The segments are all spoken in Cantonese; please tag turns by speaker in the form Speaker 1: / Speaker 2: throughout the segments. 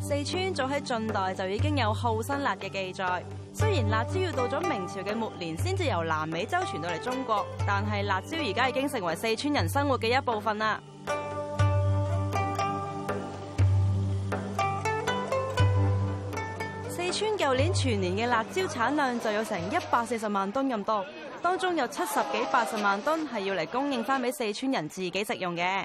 Speaker 1: 四川早喺晉代就已經有好辛辣嘅記載，雖然辣椒要到咗明朝嘅末年先至由南美洲傳到嚟中國，但係辣椒而家已經成為四川人生活嘅一部分啦。四川舊年全年嘅辣椒產量就有成一百四十萬噸咁多，當中有七十幾八十萬噸係要嚟供應翻俾四川人自己食用嘅。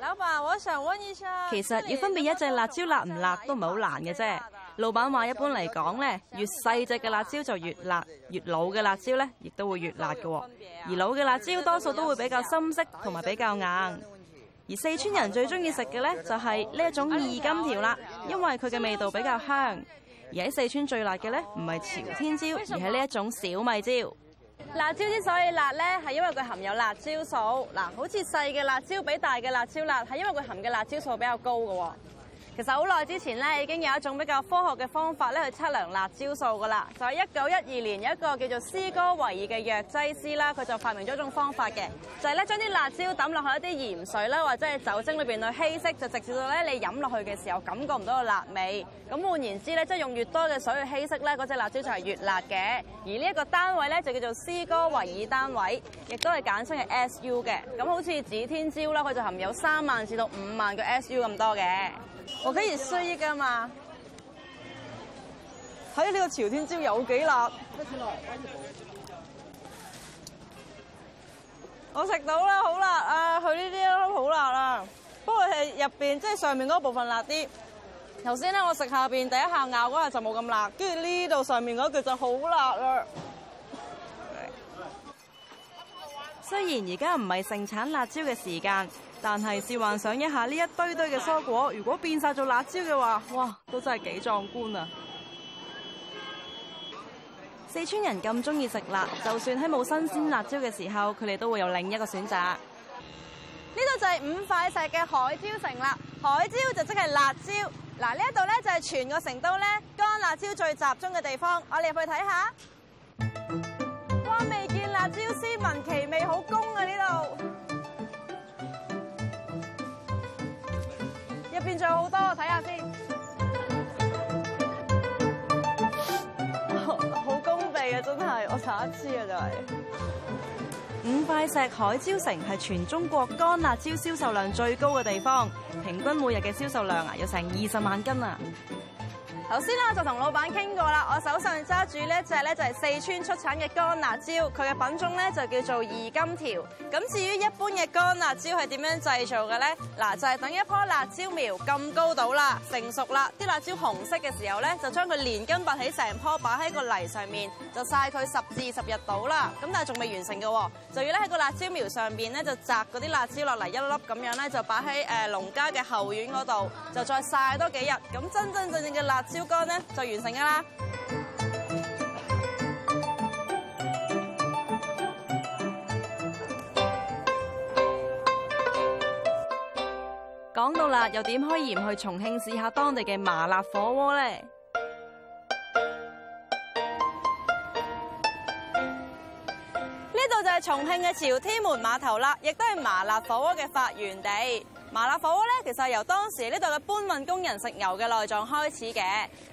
Speaker 1: 老闆，我想問一下，其實要分辨一隻辣椒辣唔辣都唔係好難嘅啫。老闆話一般嚟講呢，越細隻嘅辣椒就越辣，越老嘅辣椒呢亦都會越辣嘅。而老嘅辣椒多數都會比較深色同埋比較硬。而四川人最中意食嘅呢，就係呢一種二金條啦，因為佢嘅味道比較香。而喺四川最辣嘅呢，唔係朝天椒，而係呢一種小米椒。辣椒之所以辣咧，係因為佢含有辣椒素。嗱，好似細嘅辣椒比大嘅辣椒辣，係因為佢含嘅辣椒素比較高嘅。其實好耐之前咧，已經有一種比較科學嘅方法咧去測量辣椒素㗎啦。就喺一九一二年，有一個叫做斯歌維爾嘅藥劑師啦，佢就發明咗一種方法嘅，就係咧將啲辣椒抌落去一啲鹽水啦，或者係酒精裏邊去稀釋，就直至到咧你飲落去嘅時候感覺唔到個辣味。咁換言之咧，即係用越多嘅水去稀釋咧，嗰隻辣椒就係越辣嘅。而呢一個單位咧就叫做斯歌維爾單位，亦都係簡稱係 S.U. 嘅。咁好似指天椒啦，佢就含有三萬至到五萬個 S.U. 咁多嘅。我可以衰㗎嘛？睇呢個朝天椒有幾辣我？我食到啦，好辣啊！佢呢啲都好辣啊，不過係入面，即係上面嗰部分辣啲。頭先咧，我食下面第一下咬嗰下就冇咁辣，跟住呢度上面嗰句就好辣啦。雖然而家唔係盛產辣椒嘅時間。但係試幻想一下呢一堆堆嘅蔬果，如果變晒做辣椒嘅話，哇，都真係幾壯觀啊！四川人咁中意食辣，就算喺冇新鮮辣椒嘅時候，佢哋都會有另一個選擇。呢度就係五塊石嘅海椒城啦，海椒就即係辣椒。嗱，呢一度咧就係全個成都咧乾辣椒最集中嘅地方，我哋入去睇下。哇，未見辣椒先聞其味，好公啊，呢度！仲有好多，睇下先看看。好工背啊，真係我第一次啊，就係五塊石海椒城係全中國乾辣椒銷售量最高嘅地方，平均每日嘅銷售量啊有成二十萬斤啊。頭先啦就同老闆傾過啦，我手上揸住呢隻咧就係四川出產嘅乾辣椒，佢嘅品種咧就叫做二金條。咁至於一般嘅乾辣椒係點樣製造嘅咧？嗱，就係等一樖辣椒苗咁高度啦，成熟啦，啲辣椒紅色嘅時候咧，就將佢連根拔起，成樖擺喺個泥上面，就曬佢十至十日到啦。咁但係仲未完成嘅喎，就要咧喺個辣椒苗上邊咧就摘嗰啲辣椒落嚟一粒咁樣咧，就擺喺誒農家嘅後院嗰度，就再曬多幾日。咁真真正正嘅辣椒乾咧就完成嘅啦。又點可以唔去重慶試下當地嘅麻辣火鍋呢？呢度就係重慶嘅朝天門碼頭啦，亦都係麻辣火鍋嘅發源地。麻辣火鍋咧，其實係由當時呢度嘅搬運工人食牛嘅內臟開始嘅。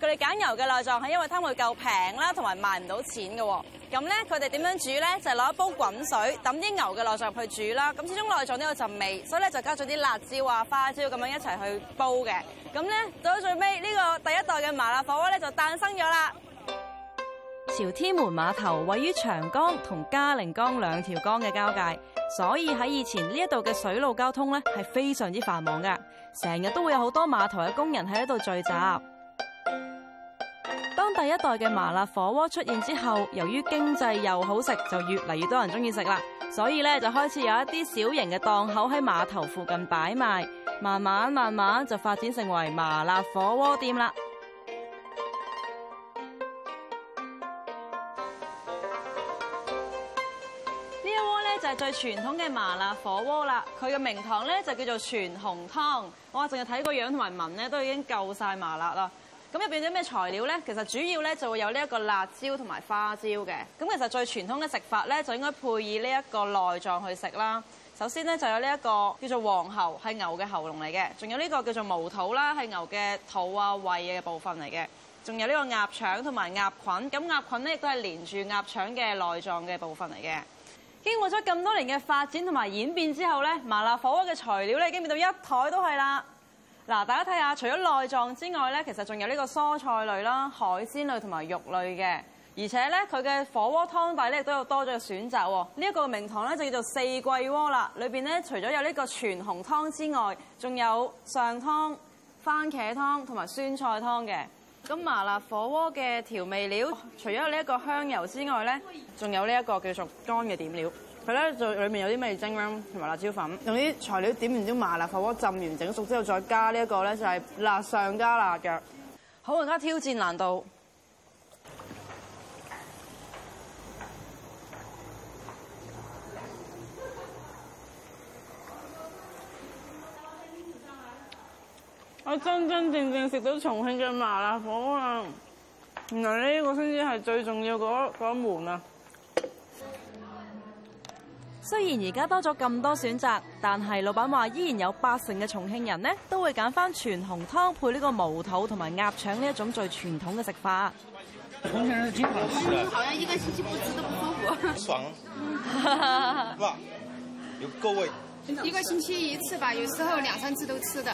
Speaker 1: 佢哋揀牛嘅內臟係因為貪佢夠平啦，同埋賣唔到錢嘅。咁咧，佢哋點樣煮咧？就係攞一煲滾水，揼啲牛嘅內臟入去煮啦。咁始終內臟都有陣味，所以咧就加咗啲辣椒、啊、花椒咁樣一齊去煲嘅。咁咧，到咗最尾呢個第一代嘅麻辣火鍋咧就誕生咗啦。朝天門碼頭位於長江同嘉陵江兩條江嘅交界。所以喺以前呢一度嘅水路交通呢，係非常之繁忙噶，成日都會有好多碼頭嘅工人喺度聚集。當第一代嘅麻辣火鍋出現之後，由於經濟又好食，就越嚟越多人中意食啦。所以呢，就開始有一啲小型嘅檔口喺碼頭附近擺賣，慢慢慢慢就發展成為麻辣火鍋店啦。最傳統嘅麻辣火鍋啦，佢嘅名堂咧就叫做全紅湯。哇！淨係睇個樣同埋聞咧，都已經夠晒麻辣啦。咁入邊啲咩材料咧？其實主要咧就會有呢一個辣椒同埋花椒嘅。咁其實最傳統嘅食法咧，就應該配以呢一個內臟去食啦。首先咧就有呢一個叫做黃喉，係牛嘅喉嚨嚟嘅；仲有呢個叫做毛肚啦，係牛嘅肚啊、胃嘅部分嚟嘅；仲有呢個鴨腸同埋鴨菌。咁鴨菌咧亦都係連住鴨腸嘅內臟嘅部分嚟嘅。經過咗咁多年嘅發展同埋演變之後咧，麻辣火鍋嘅材料咧已經變到一枱都係啦。嗱，大家睇下，除咗內臟之外咧，其實仲有呢個蔬菜類啦、海鮮類同埋肉類嘅，而且咧佢嘅火鍋湯底咧都有多咗嘅選擇喎。呢一個名堂咧就叫做四季鍋啦，裏邊咧除咗有呢個全紅湯之外，仲有上湯、番茄湯同埋酸菜湯嘅。咁麻辣火鍋嘅調味料，哦、除咗呢一個香油之外咧，仲有呢一個叫做乾嘅點料，佢咧就裏面有啲味精啦，同埋辣椒粉，用啲材料點完啲麻辣火鍋浸完整熟之後，再加這呢一個咧就係、是、辣上加辣嘅。好，而家挑戰難度。我真真正正食到重慶嘅麻辣火啊！原來呢個先至係最重要嗰門啊！雖然而家多咗咁多選擇，但係老闆話依然有八成嘅重慶人呢都會揀翻全紅湯配呢個毛肚同埋鴨腸呢一種最傳統嘅食法。
Speaker 2: 重好，吃好像
Speaker 1: 一個星期不吃都
Speaker 2: 不舒服。爽、啊。
Speaker 1: 哇！
Speaker 2: 吧？有夠味。一個星期
Speaker 1: 一次吧，有時候兩三次都吃的。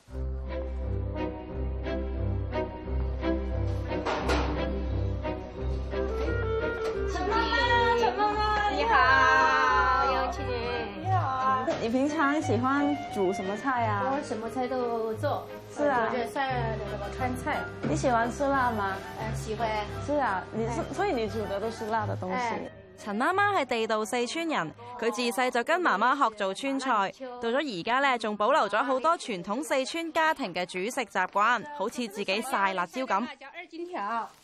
Speaker 1: 你平常喜歡煮什麼菜呀？我什麼菜都做，是啊，做這算什麼川菜？你喜歡吃辣嗎？嗯，喜歡啊。是啊，你所以你煮的都是辣的東西。是陳媽媽係地道四川人，佢、嗯、自細就跟媽媽學做川菜，到咗而家咧，仲保留咗好多傳統四川家庭嘅主食習慣，好似自己晒辣椒咁。嗯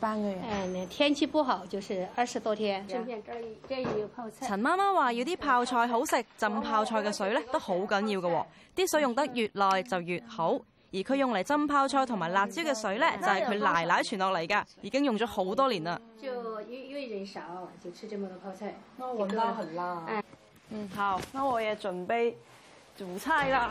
Speaker 1: 半個月。嗯，天氣不好，就是二
Speaker 3: 十多天。陳
Speaker 1: 媽媽話：要啲泡菜好食，浸泡菜嘅水咧都好緊要嘅。啲水用得越耐就越好，而佢用嚟浸泡菜同埋辣椒嘅水咧，就係佢奶奶傳落嚟㗎，已經用咗好多年啦。就因
Speaker 3: 因為人少，就吃這麼多泡菜。那
Speaker 1: 味道很辣。嗯，好，那我也準備煮菜啦。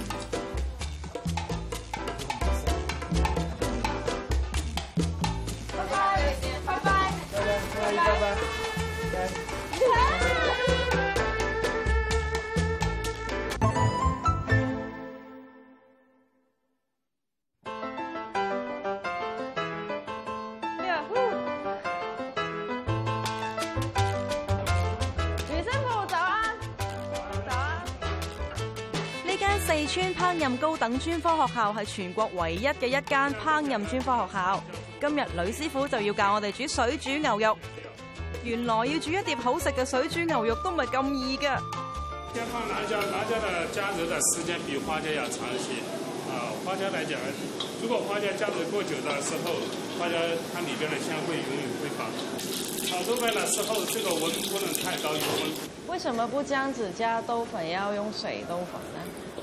Speaker 1: 專科學校係全國唯一嘅一間烹飪專科學校。今日呂師傅就要教我哋煮水煮牛肉。原來要煮一碟好食嘅水煮牛肉都唔係咁易㗎。添
Speaker 2: 加辣椒，辣椒的加熱的時間比花椒要長一些。啊，花椒來講，如果花椒加熱過久的時候，花椒它裏邊的香味永遠會發。炒豆瓣的時候，這個溫度不能太高。
Speaker 1: 為什麼不姜子加豆粉要用水豆粉呢？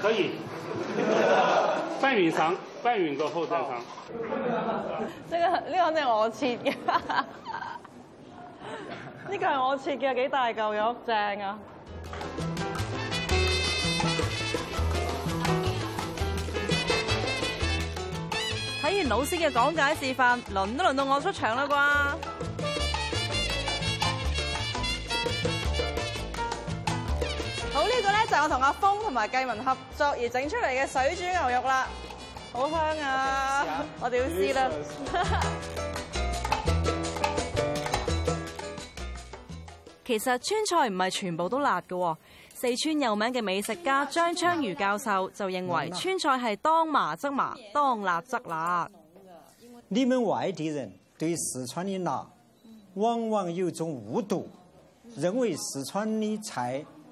Speaker 2: 可以，半雲長，半雲、這個後
Speaker 1: 山長。呢、這個呢個真係我切嘅，呢 個係我切嘅，幾大嚿肉正啊！睇完老師嘅講解示範，輪都輪到我出場啦啩！就我同阿峰同埋繼文合作而整出嚟嘅水煮牛肉啦，好香啊！Okay, 試試我哋要試啦。其實川菜唔係全部都辣嘅。哦，四川有名嘅美食家張昌瑜教授就認為川菜係當麻則麻，當辣則辣。嗯、
Speaker 3: 你們外地人對四川嘅辣，往往有種誤讀，認為四川嘅菜。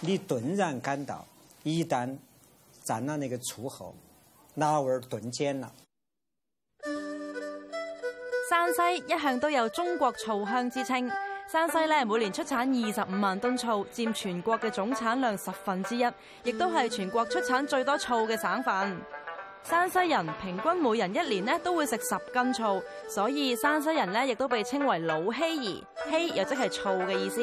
Speaker 3: 你頓然感到，一旦沾了那個醋後，辣味兒頓減了。
Speaker 1: 山西一向都有中國醋鄉之稱。山西咧每年出產二十五萬噸醋，占全國嘅總產量十分之一，亦都係全國出產最多醋嘅省份。山西人平均每人一年咧都會食十斤醋，所以山西人咧亦都被稱為老稀兒，稀又即係醋嘅意思。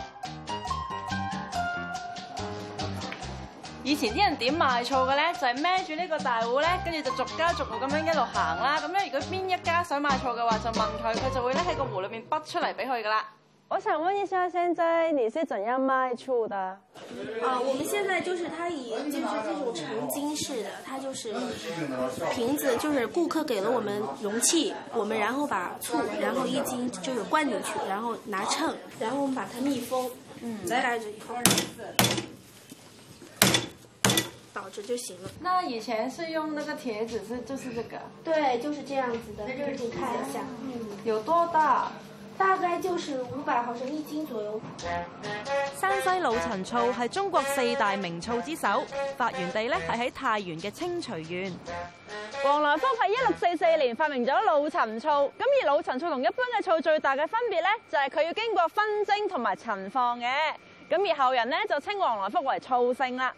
Speaker 1: 以前啲人點賣醋嘅咧，就係孭住呢個大壺咧，跟住就逐家逐戶咁樣一路行啦。咁樣，如果邊一家想買醋嘅話，就問佢，佢就會咧喺個壺裏面拔出嚟俾佢噶啦。我想問一下，現在你是怎樣賣醋的？
Speaker 2: 啊，我們現
Speaker 1: 在就是它已經就是這種成斤式的，它就是瓶子，就是顧客給了我們容器，我們然後把醋，然後一斤就是灌進去，然後拿秤，然後我們把它密封。嗯。再來這一包倒着就行了。那以前是用那個鐵子，是就是這個。對，就是
Speaker 3: 這
Speaker 1: 樣子的。那就是看一下，嗯、有多大？大概就是五百毫升一斤左右。山西老陳醋係中國四大名醋之首，發源地呢是喺太原嘅清徐縣。王來福喺一六四四年發明咗老陳醋。咁而老陳醋同一般嘅醋最大嘅分別呢，就係、是、佢要經過熏蒸同埋陳放嘅。咁而後人呢，就稱王來福為醋聖啦。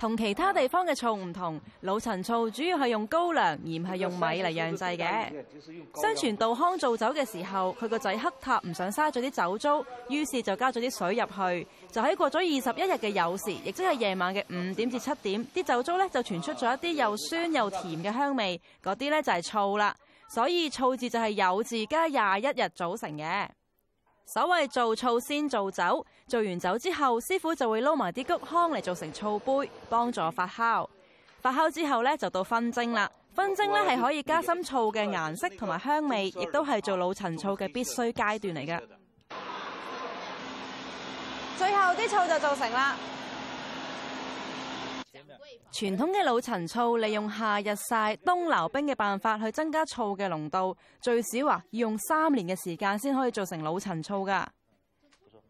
Speaker 1: 同其他地方嘅醋唔同，老陳醋主要係用高粱，而唔係用米嚟釀製嘅。相傳杜康造酒嘅時候，佢個仔黑塔唔想嘥咗啲酒糟，於是就加咗啲水入去。就喺過咗二十一日嘅酉時，亦即係夜晚嘅五點至七點，啲酒糟咧就傳出咗一啲又酸又甜嘅香味，嗰啲咧就係醋啦。所以醋字就係酉字加廿一日組成嘅。所謂做醋先做酒，做完酒之後，師傅就會撈埋啲谷糠嚟做成醋杯，幫助發酵。發酵之後呢，就到熏蒸啦。熏蒸呢係可以加深醋嘅顏色同埋香味，亦都係做老陳醋嘅必須階段嚟噶。最後啲醋就做成啦。傳統嘅老陳醋利用夏日曬、冬流冰嘅辦法去增加醋嘅濃度，最少話要用三年嘅時間先可以做成老陳醋㗎。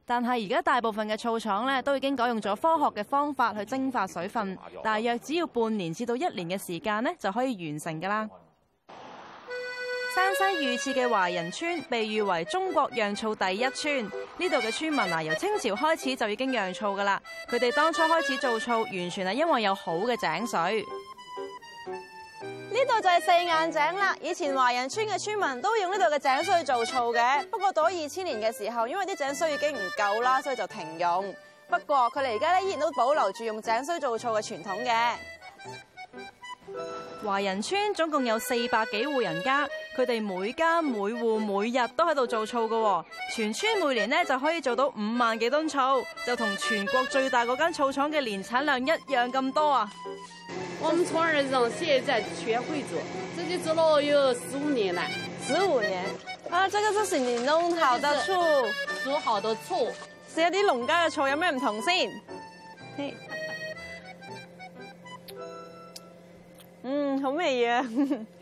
Speaker 1: 但係而家大部分嘅醋廠咧，都已經改用咗科學嘅方法去蒸發水分，大約只要半年至到一年嘅時間呢，就可以完成㗎喇。番禺市嘅華人村被譽為中國釀醋第一村，呢度嘅村民啊，由清朝開始就已經釀醋噶啦。佢哋當初開始做醋，完全係因為有好嘅井水。呢度就係四眼井啦，以前華人村嘅村民都用呢度嘅井水做醋嘅。不過到二千年嘅時候，因為啲井水已經唔夠啦，所以就停用。不過佢哋而家咧依然都保留住用井水做醋嘅傳統嘅。華人村總共有四百幾戶人家。佢哋每家每戶每日都喺度做醋㗎、哦，全村每年呢就可以做到五萬幾噸醋，就同全國最大嗰間醋廠嘅年產量一樣咁多啊！我們村人從現在學會做，自己做了有十五年啦。十五年啊，這個就是你弄好的醋，煮好的醋。試下啲農家嘅醋有咩唔同先。嗯，好味啊！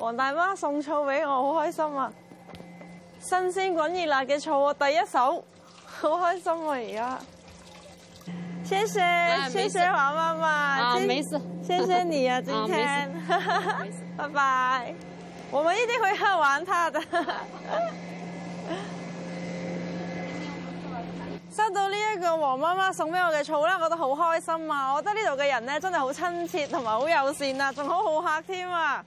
Speaker 1: 王大媽送醋俾我，好開心啊！新鮮滾熱辣嘅醋，第一手，好開心啊！而家，謝謝事謝謝王媽媽，啊，沒事，謝謝你啊，事今天，哈哈事， 拜拜，我們一定會玩他的 收到呢一個王媽媽送俾我嘅醋啦，我都好開心啊！我覺得呢度嘅人咧，真係好親切同埋好友善還好啊，仲好好客添啊！